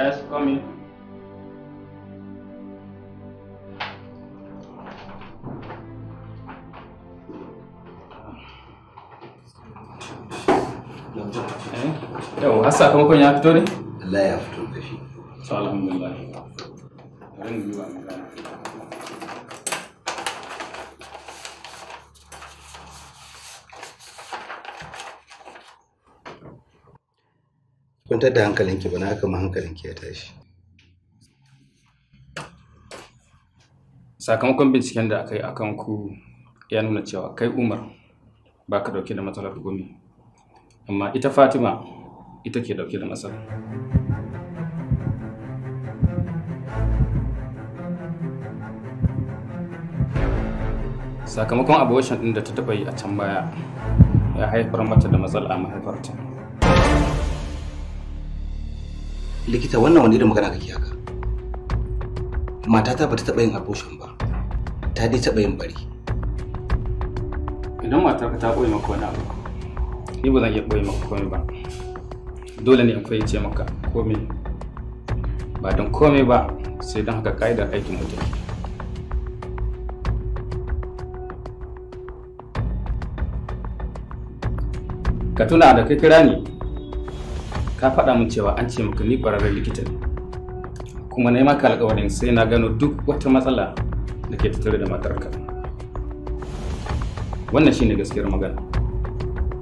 Essa pra mim. Yau, hasa kan kun ya Leve tudo, Allah ya fito da shi. Alhamdulillah. kwantar da hankalinki ba na haka ma hankalinki ya tashi sakamakon binciken da aka yi akan ku ya nuna cewa kai umar ba ka dauke da matsalar gumi amma ita fatima ita ke dauke da matsalar sakamakon abuwashin din da ta taba yi a can baya ya haifar mata da matsala a mahaifarta likita wannan wani irin magana kake haka matata ba ta taɓa yin abortion ba ta dai taɓa yin bari idan ka ta koyi maka wani abu ni ba zan iya koyi maka komai ba dole ne in fahimce maka komai ba don komai ba sai don haka ka'idar aikin mutum ka tuna da kai kira ni ka faɗa min cewa an ce maka ni ƙwararren likita ne kuma na yi maka alƙawarin sai na gano duk wata matsala da ke tattare da matarka wannan shine gaskiyar magana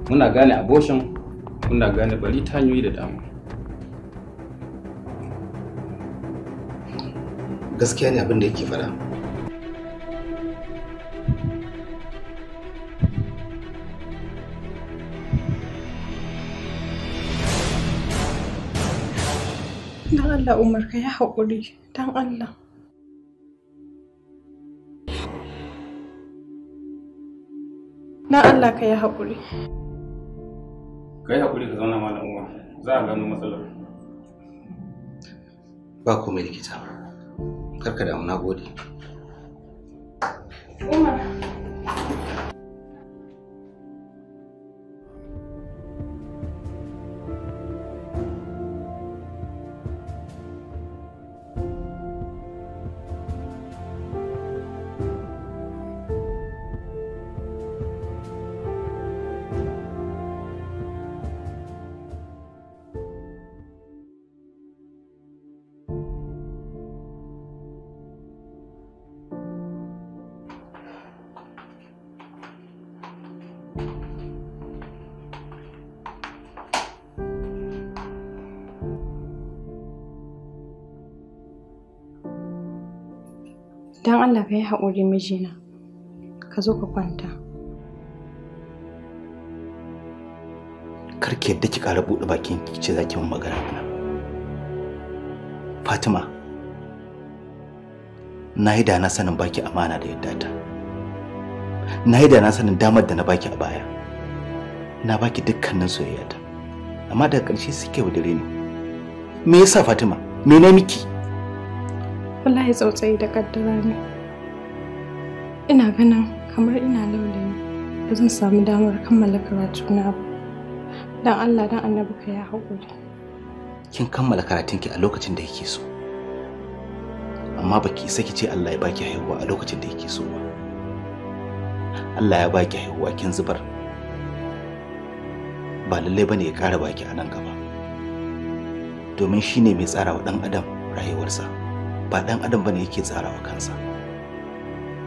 muna gane abocin muna gane bari ta hanyoyi da dama gaskiya ne abin da yake faɗa Don Allah Umar ka yi haƙuri, don Allah. Don Allah ka yi haƙuri. Ka yi haƙuri ka zauna malam Umar, za a gano matsalar. Ba komai likita, karka damu na gode. Umar. Don Allah ka yi haƙuri mijina, ka zo ka kwanta. Karki yadda ki ƙara buɗe bakin ki ce za ki min magana mana. Fatima, na yi da na sanin baki amana da yadda ta. Na yi da na sanin damar da na baki a baya. Na baki dukkanin soyayya ta Amma daga ƙarshe suke wadare ni. Me yasa Fatima? Me na miki? wallahi tsautsayi da kaddara ne ina ganin kamar ina laulayi ba zan samu damar kammala karatu na ba don allah don annabi ka ya haƙuri kin kammala karatunki a lokacin da yake so amma baki isa ki ce allah ya baki haihuwa a lokacin da yake so ba allah ya baki haihuwa kin zubar ba lallai ba ne ya ƙara baki a nan gaba domin shi ne mai tsara wa ɗan adam rayuwarsa. ba ɗan adam bane yake tsara wa kansa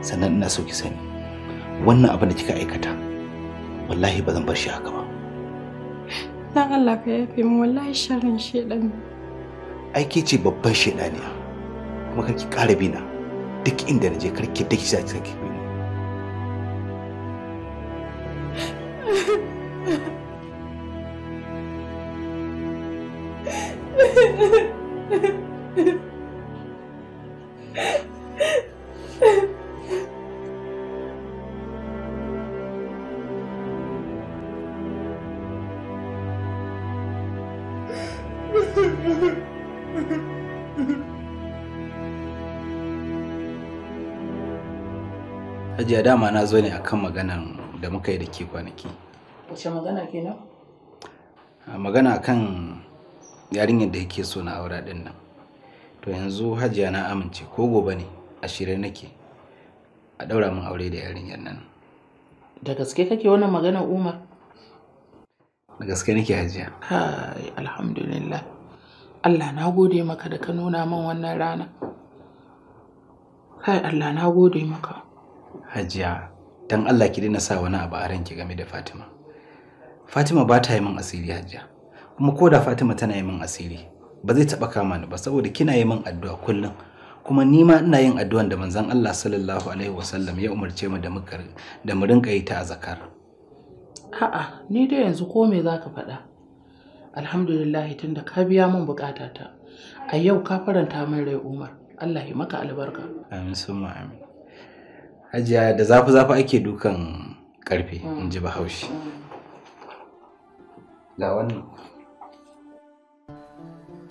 sannan ina so ki sani wannan abin da kika aikata wallahi ba zan bar shi haka ba dan Allah ka yafe min wallahi sharrin shedan ai ke ce babban shedaniya kuma kar ki ƙara bina duk inda na je kar ki daki saki Hajiya dama na zo ne akan maganan da muka yi da ke kwanaki. Wace magana kenan? Magana kan yarinyar da yake so na aura din nan. To yanzu Hajiya na amince ko gobe ne a shirye nake a daura min aure da yarinyar nan. Da gaske kake wannan magana Umar? Da gaske nake Hajiya. Hai, alhamdulillah. Allah na gode maka da ka nuna min wannan rana. Kai Allah na gode maka. Hajiya, dan Allah ki daina sa wani abu a ranki game da Fatima. Fatima ba ta yi min asiri Hajiya. Kuma ko da Fatima tana yi min asiri, ba zai taɓa kama ni ba saboda kina yi min addu'a kullum. Kuma ni ma ina yin addu'an da manzon Allah sallallahu alaihi wasallam ya umarce mu da mu da rinka yi ta zakar. A'a, ni dai yanzu ko me za ka faɗa? alhamdulillahi tun da ka biya min bukatata a yau ka faranta min rai umar allah ya maka albarka amin suma amin hajiya da zafi zafi ake dukan karfe mm. in ji bahaushe mm. ga wannan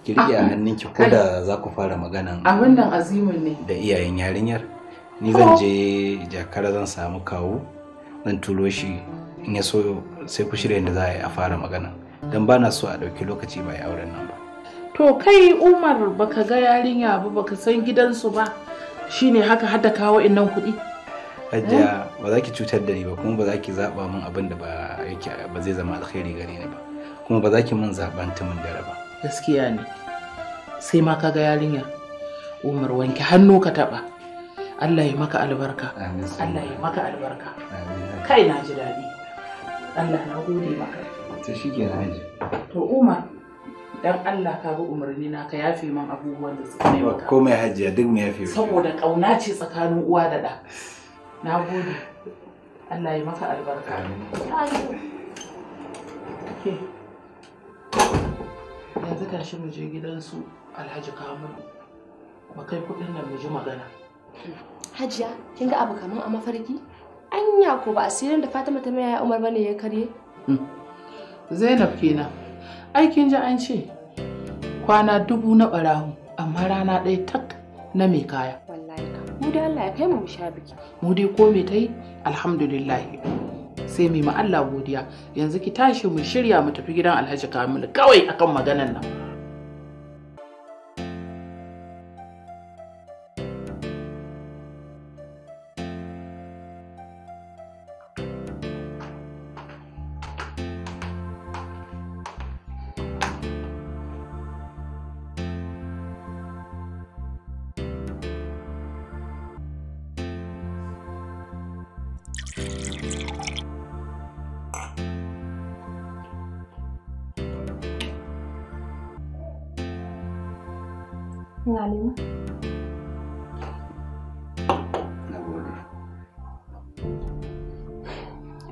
ki ah, riƙe a hannunki ko da za ku fara maganan abin nan azimin ne da iyayen yarinyar ni oh. zan je jakara zan samu kawo zan turo shi in ya so sai ku shirya da za a a fara magana don bana na so a ɗauki lokaci bai auren nan ba to kai umar baka ga yarinya ba baka san gidansu ba shine haka hada kawo innan kuɗi hajiya eh? ba za ki cutar da ni ba kuma ba za ki zaɓa min abin da ba zai zama alkhairi gare ni ba kuma ba za ki min zaɓan tumin dare ba gaskiya ne sai ma kaga yarinya umar wanke hannu ka taɓa Allah ya maka albarka Allah ya maka albarka kai na ji daɗi Allah na gode maka ta shi ke haji to umar dan Allah ka bi umarni na ka yafe min abubuwan da suka yi maka komai hajiya duk mu yafe saboda kauna ce tsakanin uwa da da na gode Allah ya maka albarka amin yanzu tashi mu je gidansu alhaji kamaru mu kai kuɗin nan mu ji magana hajiya kin ga abu kaman a mafarki anya ko ba asirin da fatima ta mai umar bane ya karye hmm. Zainab kenan. Ai kin ji an ce kwana dubu na barahu amma rana ɗaya tak na mai kaya. mu da Allah ya kai mu sha biki. Mu dai ko me tai alhamdulillah. Sai mai ma Allah godiya yanzu ki tashi mu shirya mu tafi gidan Alhaji Kamilu kawai akan maganan nan.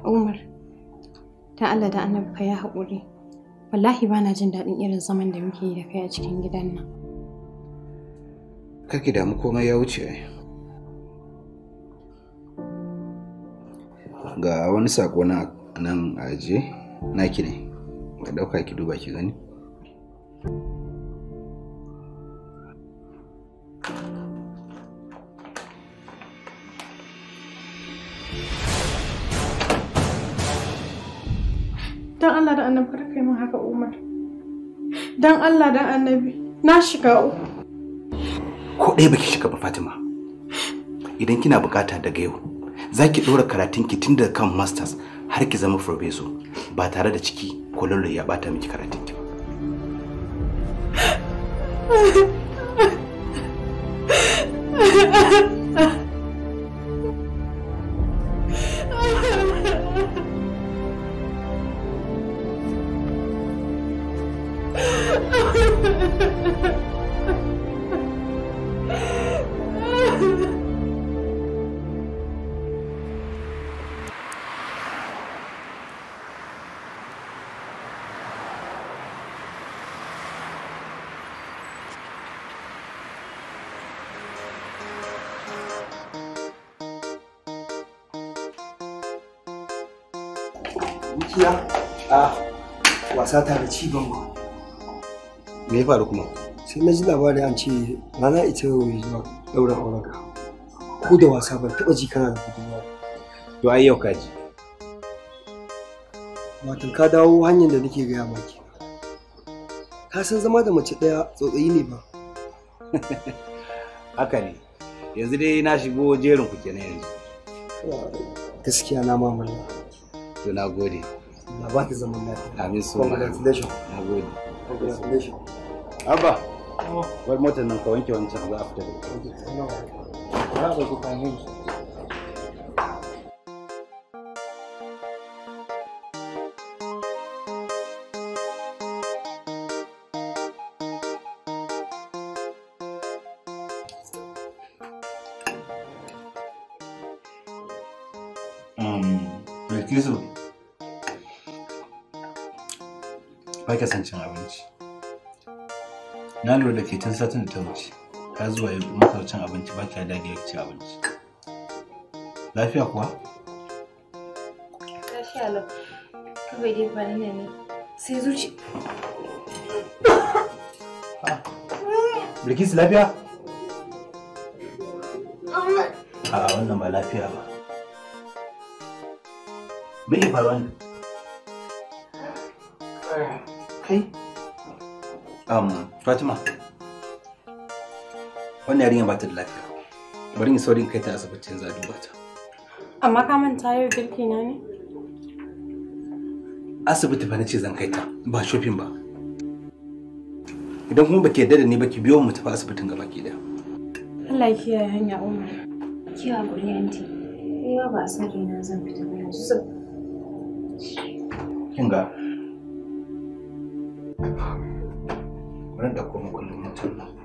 Umar, ta Allah da annabi ya haƙuri. Wallahi ba na jin daɗin irin zaman da muke yi da kai a cikin gidan nan. Kake damu komai ya wuce Ga wani saƙo na nan aje naki ne. Ka ɗauka ki duba ki gani. Allah da annabi kada kai min haka Umar. Dan Allah dan annabi na shiga uku. Ko ɗaya baki shiga ba Fatima. Idan kina bukata daga yau za ki ɗora ki tun daga kan masters har ki zama professor ba tare da ciki ko lallai ya bata miki karatun ba. dukiya a wasa ta da ci ba. me ya faru kuma sai na ji labari an ce rana ita yau mai zuwa daura auren ka ko da wasa ba taɓa ji kana da ba. to ai yau ka ji Wato ka dawo hanyar da nake gaya maki ka san zama da mace ɗaya tsotsayi ne ba haka ne yanzu dai na shigo jerin ku kenan yanzu gaskiya na mamalla to na gode na zaman lafiya amin so congratulations na gode congratulations abba motar nan ka wanke wancan za a fita da ita um, Bilkisu, ba ka son cin abinci. Na lura da ke tun satin da ta wuce, ka zuwa yau muka cin abinci ba ka dage ci abinci. Lafiya kuwa? Sai ah. Bilkisu lafiya? A'a wannan ba lafiya ba. me ya faru ne kai um fatima wannan yarinya ba ta da lafiya bari in saurin kai ta asibitin za duba ta amma ka manta yau girki na ne asibiti fa ce zan kai ta ba shopping ba idan kuma baki yarda da ni baki ki biyo mu tafi asibitin gaba ki da Allah ya kiyaye hanya Umar ki hakuri anti ni ba ba san na zan fita ba yanzu kin ga wurin da kuma kullum mutum nan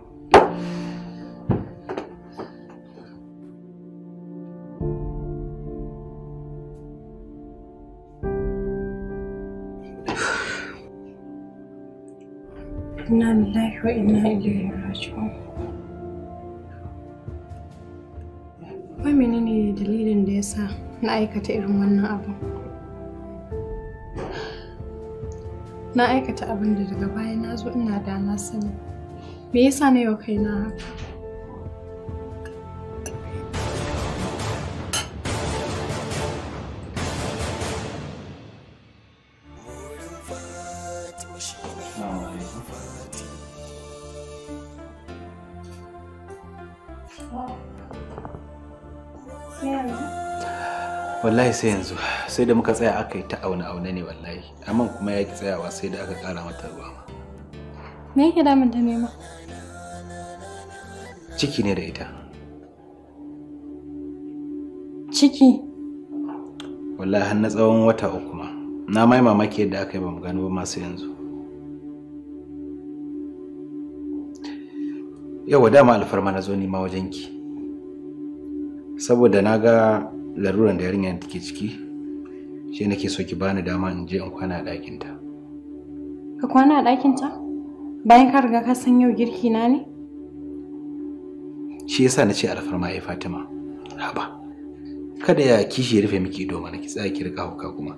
ina lillahi wa inna ilaihi raji'un. Wai menene dalilin da sa na aikata irin wannan abu? na aikata abin da daga baya na zo ina da na sani me yasa na yau kaina haka wallahi sai yanzu sai da muka tsaya aka yi ta auna aune ne wallahi amma kuma ya ki tsayawa sai da aka kara mata ruwa ma me yake damun ta nema ciki ne da ita ciki wallahi har na tsawon wata uku ma na mai mamaki yadda aka yi ba mu gano ba masu yanzu yawa dama alfarma na zo nima wajenki saboda na ga laruran da yarinyar take ciki shi nake so ki bani dama in je in kwana a ɗakinta. Ka kwana a ɗakinta? Bayan ka riga ka san yau girki na ne? Shi yasa na ce rafar ya Fatima. Haba. Kada ya kishi ya rufe miki ido mana ki tsaya ki riga hauka kuma.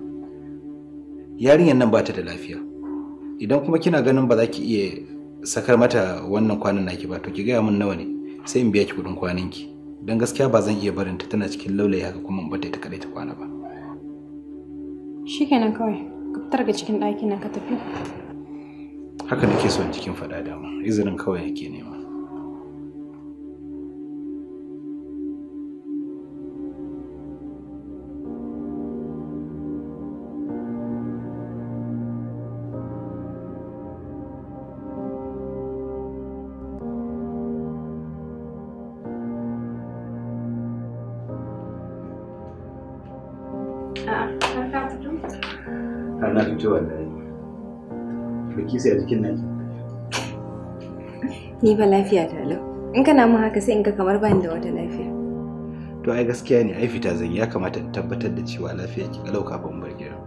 Yarinyar nan bata da lafiya. Idan kuma kina ganin ba za ki iya sakar mata wannan kwanan naki ba to ki gaya mun nawa ne sai in biya ki kuɗin kwanan ki. don gaskiya ba zan iya barinta tana cikin laulayi haka kuma in bata ta kadai ta kwana ba shikenan kawai ka fitar ga cikin ɗakin nan ka tafi haka nake son cikin faɗa dama izinin kawai yake nema bilkisu a jikin naki ni ba lafiya ta lau in kana mun haka sai in ga kamar bani da wata lafiya to ai gaskiya ne ai fita zan ya kamata in tabbatar da cewa lafiya ki kalau kafin bar gida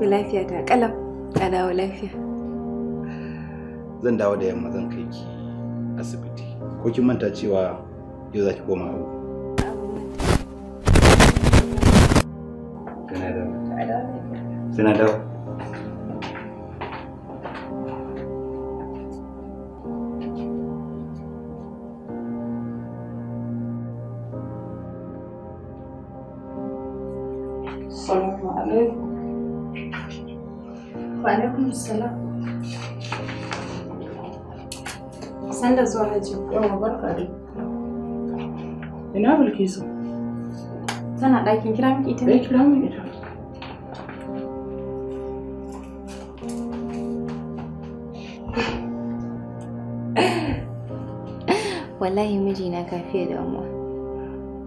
to lafiya ta kalam ta dawo lafiya zan dawo da yamma zan kai ki asibiti ko kin manta cewa yau za ki koma abu Senador. Bilkisu? Tana ɗakin kira miki ita ne? Eh, kira min ita. Wallahi mijina ka fiye damuwa.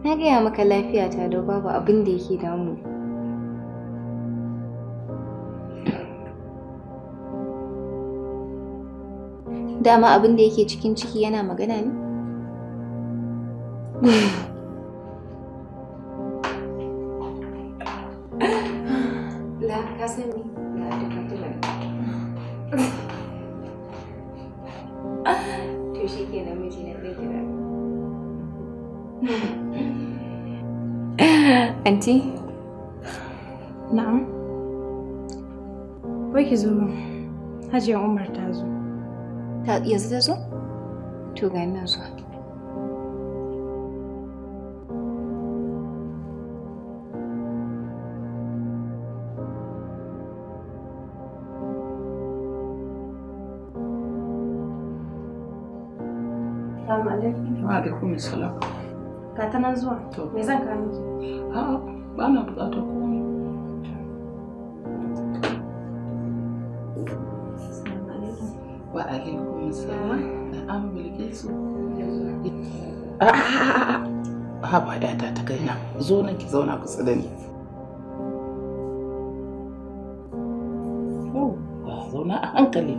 Na gaya maka lafiya ta da babu abin da yake damu. Dama abin da yake cikin ciki yana magana ne? Anti? Na'am? Wai ki zo Hajiya Umar ta zo. Ta yanzu ta zo? To Ga ta nan zuwa. Me zan ka miki? A'a, ba na buƙatar komai. Wa alaikum salam. Na'am su. A'a, ba ta ta kai na. Zo nan ki zauna kusa da ni. Zauna a hankali.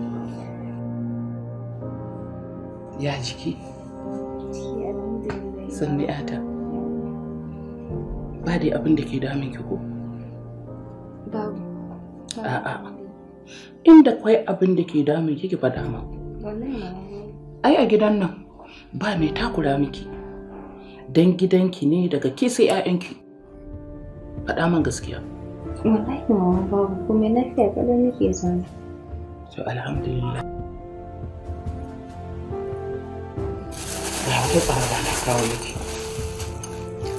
Ya jiki. sanni yata ba dai abin da ke damun ki ko babu a'a inda kwai abin da ke damun ki ki faɗa ma ai a gidan nan ba mai takura miki dan gidanki ne daga ke sai ki faɗa man gaskiya wallahi mama babu kuma lafiya kada nake zaune to alhamdulillah ga wata tsaraba na kawo yake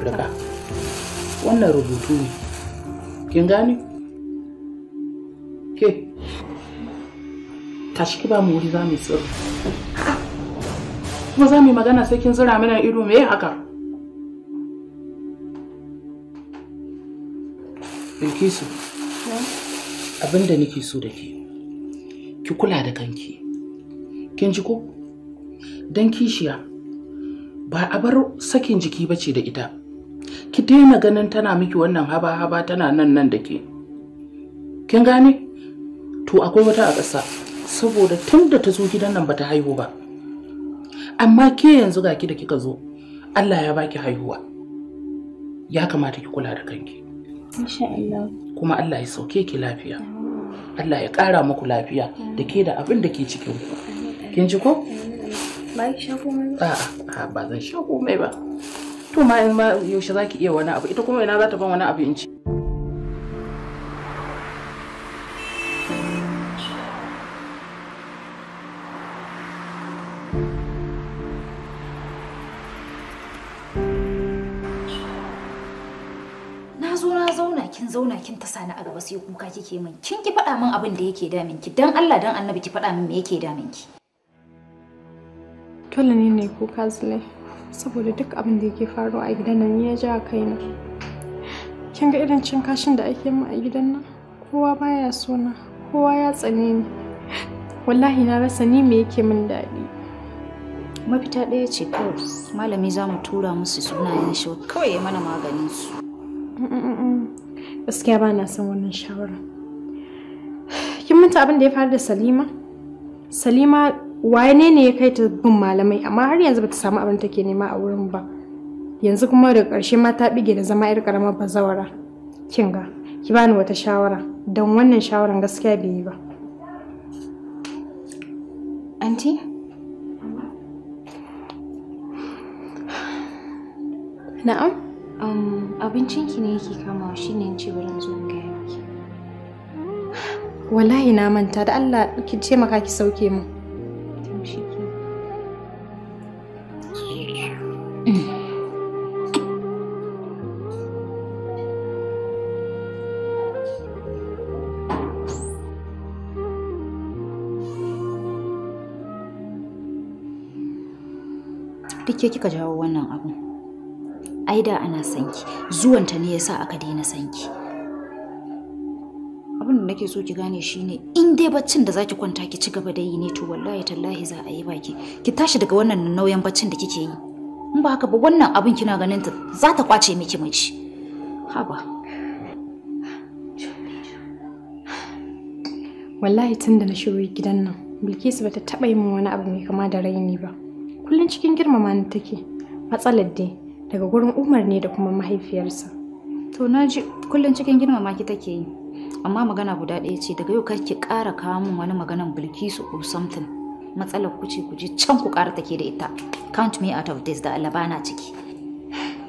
rika wannan rubutu ne kin gane ke tashi ki ba mu wuri za mu yi tsiro kuma za mu yi magana sai kin zira mana ido me haka Bilkisu, abin da nake so da ke, ki kula da kanki, kin ji ko? Don kishiya ba a bar sakin jiki bace da ita ki daina ganin tana miki wannan haba haba tana nan nan da ke kin gane to akwai wata a ƙasa saboda tun da ta zo gidan nan bata haihu ba amma ke yanzu ga ki da kika zo Allah ya baki haihuwa ya kamata ki kula da kanki kuma Allah ya sauke ki lafiya Allah ya ƙara muku lafiya da ke da abin da ke cikin ku kin ji ko Ba ki ba? zan sha komai ba. To ma ma yaushe za ki iya wani abu, ita kuma ina za ta ban wani abu in ci. kin zauna kin ta sani a gaba sai kuka kike min kin ki faɗa min abin da yake damin ki dan Allah dan Annabi ki faɗa min me yake damin ki dole ne ne kuka zulai saboda duk abin da yake faruwa a gidan nan ya ja kai na kin ga irin cin kashin da ake min a gidan nan kowa baya so na kowa ya tsane ni wallahi na rasa ni me yake min daɗi mafita ɗaya ce kawai malami za mu tura musu sunayen shi kawai ya mana maganin su gaskiya ba na son wannan shawara kin manta abin da ya faru da salima salima wane ne ya kai ta bin malamai amma har yanzu bata samu abin take nema a wurin ba yanzu kuma daga ƙarshe ma ta bige da zama yar karamar bazawara kin ga ki bani wata shawara don wannan shawaran gaskiya bai yi ba anti na'am um, ki ne yake kamawa ne ce bari zo in gaya wallahi na manta da Allah ki taimaka ki sauke mu ke kika jawo wannan abin ai da ana sanki zuwanta ne yasa aka daina sanki abin da nake so ki gane shine in dai baccin da zaki kwanta ki ci gaba da yi ne to wallahi tallahi za a yi baki ki tashi daga wannan nauyin baccin da kike yi in ba haka ba wannan abin kina ganin ta za ta kwace miki mace haba wallahi tun na shigo gidan nan bilkisu bata taba yi min wani abu mai kama da raini ba kullum cikin girmama ni take matsalar dai daga gurin umar ne da kuma mahaifiyarsa to na ji kullum cikin girmama ki take yi amma magana guda ɗaya ce daga yau kar ki ƙara kawo min wani maganan bilkisu or something matsalar ku ce ku je can ku ƙara take da ita count me out of this da alabana ciki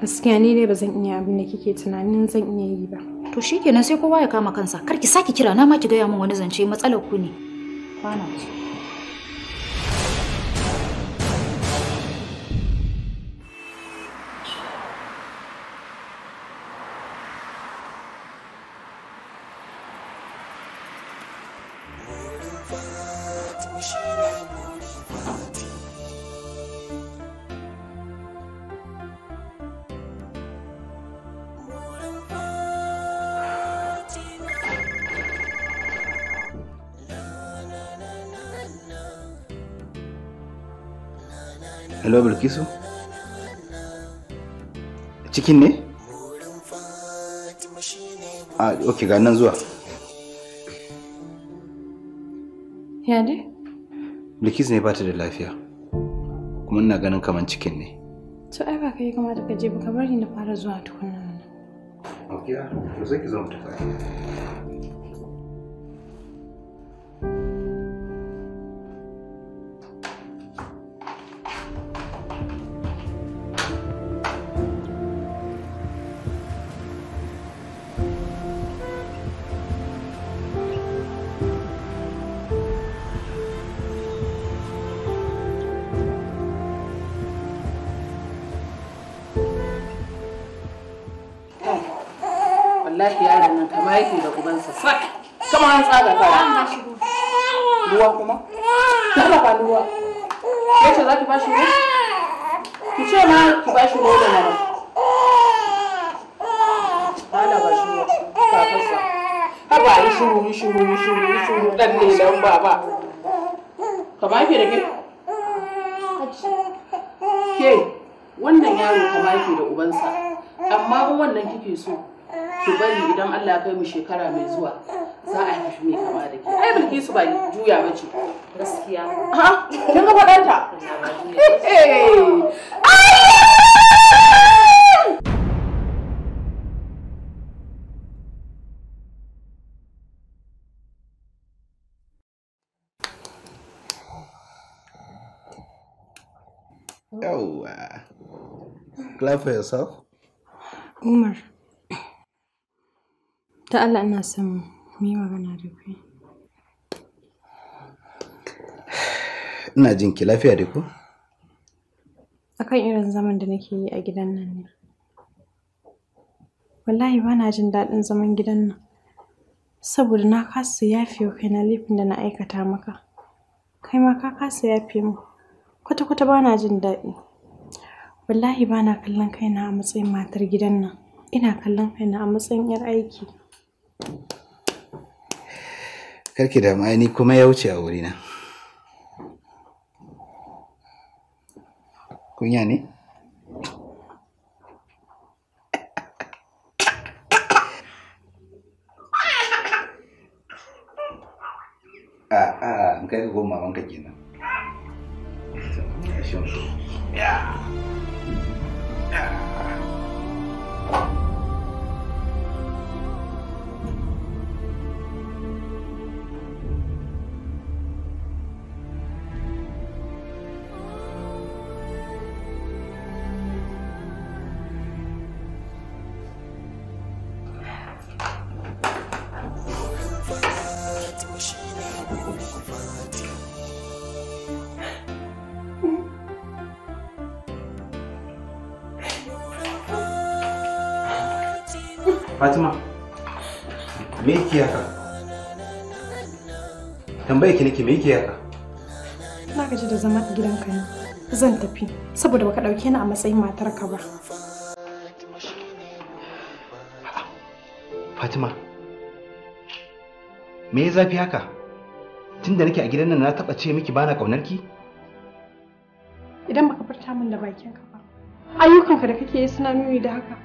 gaskiya ni ne ba zan iya abin da kike tunanin zan iya yi ba to shikenan sai kowa ya kama kansa kar ki sake kira na ma ki gaya min wani zance matsalar ku ne kwana ce hello bilkisu cikin ne a ah, ok ga nan zuwa ya dai bilkisu ne bata da lafiya kuma ina ganin kaman cikin ne to ai ba kai kamata ka je ba ka bari na fara zuwa tukunan nan ok ya ah, to sai ki zo mu tafi wallahi yaron nan yake da ubansa sak an tsaga ruwa kuma ruwa yace za ki ba shi ruwa ki ce ma ki ba shi ruwa da ba shi ruwa haba yi shuru yi shuru yi shuru yi shuru dan yake da ke ke wannan yaro kama yake da ubansa amma wannan kike so ki bari idan Allah kai mu shekara mai zuwa za a haifi mai kama da ke ai bilkisu ba juya ba gaskiya ha kin ga faɗanta Yawwa, clap for yourself. Umar. Ta Allah ina son mu yi magana da kai. Ina jin ki lafiya da ku? Akan irin zaman da nake yi a gidan nan ne. Wallahi ba na jin daɗin zaman gidan nan. Saboda na kasa yafe wa kaina laifin da na aikata maka. Kai ma ka kasa yafe mu. Kwata-kwata ba na jin daɗi. Wallahi ba na kallon kaina a matsayin matar gidan nan. Ina kallon kaina a matsayin 'yar aiki. karki da ma'ani kuma ya wuce a wurina kunya ne a ah, a ah, kai ka goma wanka kenan me yake haka tambaya ki nake me yake haka na gaji da zama a gidanka ne zan tafi saboda baka dauke ni a matsayin matarka ba Fatima me ya zafi haka tunda nake a gidan nan na taba ce miki bana kaunar ki idan baka furta min da bakinka ba ayyukanka da kake yi suna nuni da haka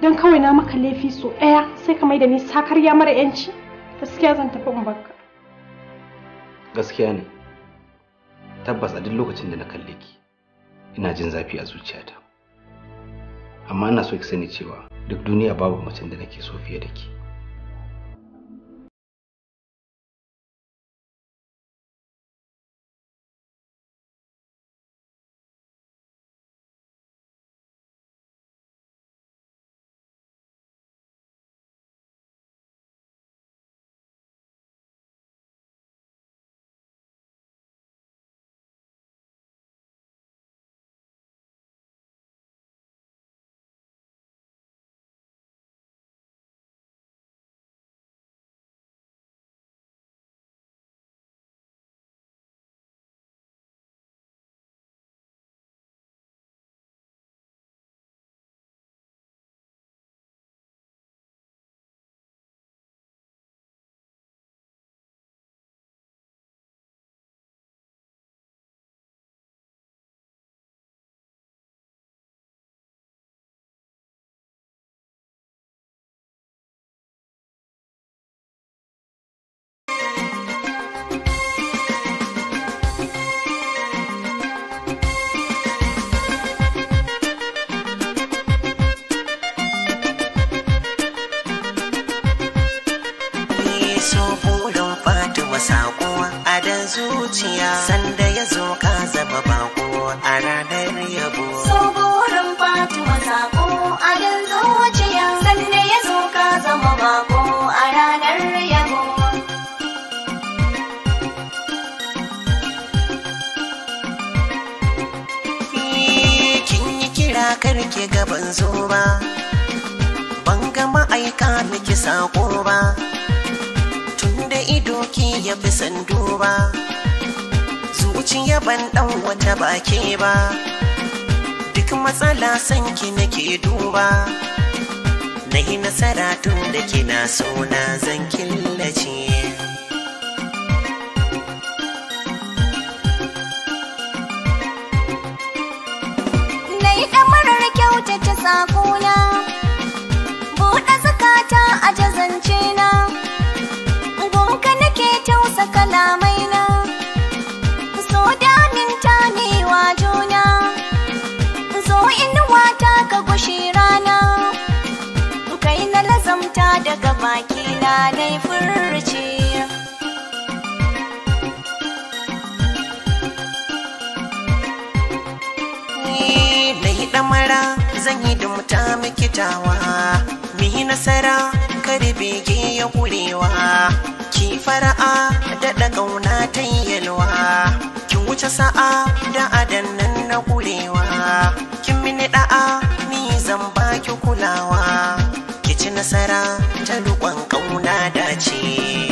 don kawai na maka laifi so ɗaya sai ka mai da ni sakarya mara yanci gaskiya zan tafi in baka gaskiya ne tabbas a duk lokacin da na kalle ki ina jin zafi a zuciyata amma ina so ki sani cewa duk duniya babu macen da nake so fiye da ki zuciya sanda ya zo ka zama bako a ranar yabo so burin batu sako a yanzu zuciya sanda ya zo ka zama bako a ranar yabo kin yi kira karke gaban zuba ban ga ma'aika miki sako ba tunda ido ki ya fi sanduwa jiya ban dan wata baki ba duk matsala sanki nake duba na yi nasara tun da kina sona zan killace na yi ɗamarar kyautata sakona buɗe zakata a jazance na gunka nake tausa kalamai baki na dai furci na yi ɗamara zan yi da muta tawa mi nasara karbe bege ya ƙurewa ki fara'a da ɗagauna ta yalwa ki wuce sa'a da adannan na ƙurewa kin mini da'a ni zan baki kulawa ki ci nasara cheese.